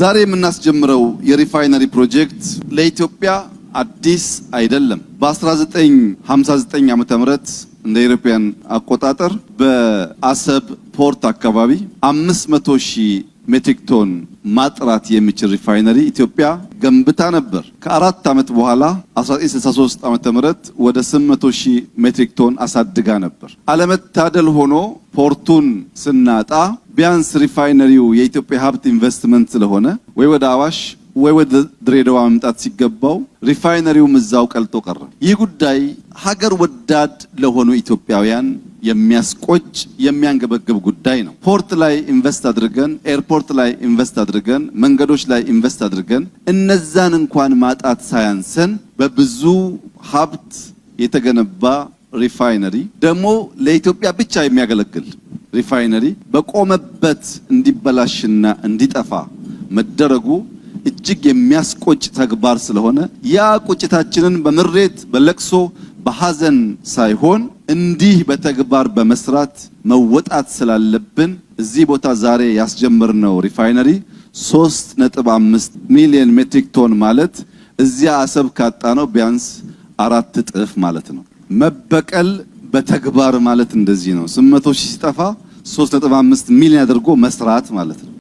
ዛሬ የምናስጀምረው የሪፋይነሪ ፕሮጀክት ለኢትዮጵያ አዲስ አይደለም። በ1959 ዓ.ም እንደ ኢሮፓያን አቆጣጠር በአሰብ ፖርት አካባቢ 500 ሺህ ሜትሪክ ቶን ማጥራት የሚችል ሪፋይነሪ ኢትዮጵያ ገንብታ ነበር። ከአራት ዓመት በኋላ 1963 ዓ ም ወደ 800 ሺህ ሜትሪክ ቶን አሳድጋ ነበር። አለመታደል ሆኖ ፖርቱን ስናጣ ቢያንስ ሪፋይነሪው የኢትዮጵያ ሀብት ኢንቨስትመንት ስለሆነ ወይ ወደ አዋሽ ወይ ወደ ድሬዳዋ መምጣት ሲገባው ሪፋይነሪውም እዛው ቀልጦ ቀረ። ይህ ጉዳይ ሀገር ወዳድ ለሆኑ ኢትዮጵያውያን የሚያስቆጭ የሚያንገበግብ ጉዳይ ነው። ፖርት ላይ ኢንቨስት አድርገን፣ ኤርፖርት ላይ ኢንቨስት አድርገን፣ መንገዶች ላይ ኢንቨስት አድርገን እነዛን እንኳን ማጣት ሳያንሰን በብዙ ሀብት የተገነባ ሪፋይነሪ ደግሞ ለኢትዮጵያ ብቻ የሚያገለግል ሪፋይነሪ በቆመበት እንዲበላሽና እንዲጠፋ መደረጉ እጅግ የሚያስቆጭ ተግባር ስለሆነ ያ ቁጭታችንን በምሬት በለቅሶ በሐዘን ሳይሆን እንዲህ በተግባር በመስራት መወጣት ስላለብን እዚህ ቦታ ዛሬ ያስጀመርነው ሪፋይነሪ 3.5 ሚሊዮን ሜትሪክ ቶን ማለት እዚያ አሰብ ካጣ ነው ቢያንስ አራት እጥፍ ማለት ነው። መበቀል በተግባር ማለት እንደዚህ ነው። 800 ሺህ ሲጠፋ 3.5 ሚሊዮን አድርጎ መስራት ማለት ነው።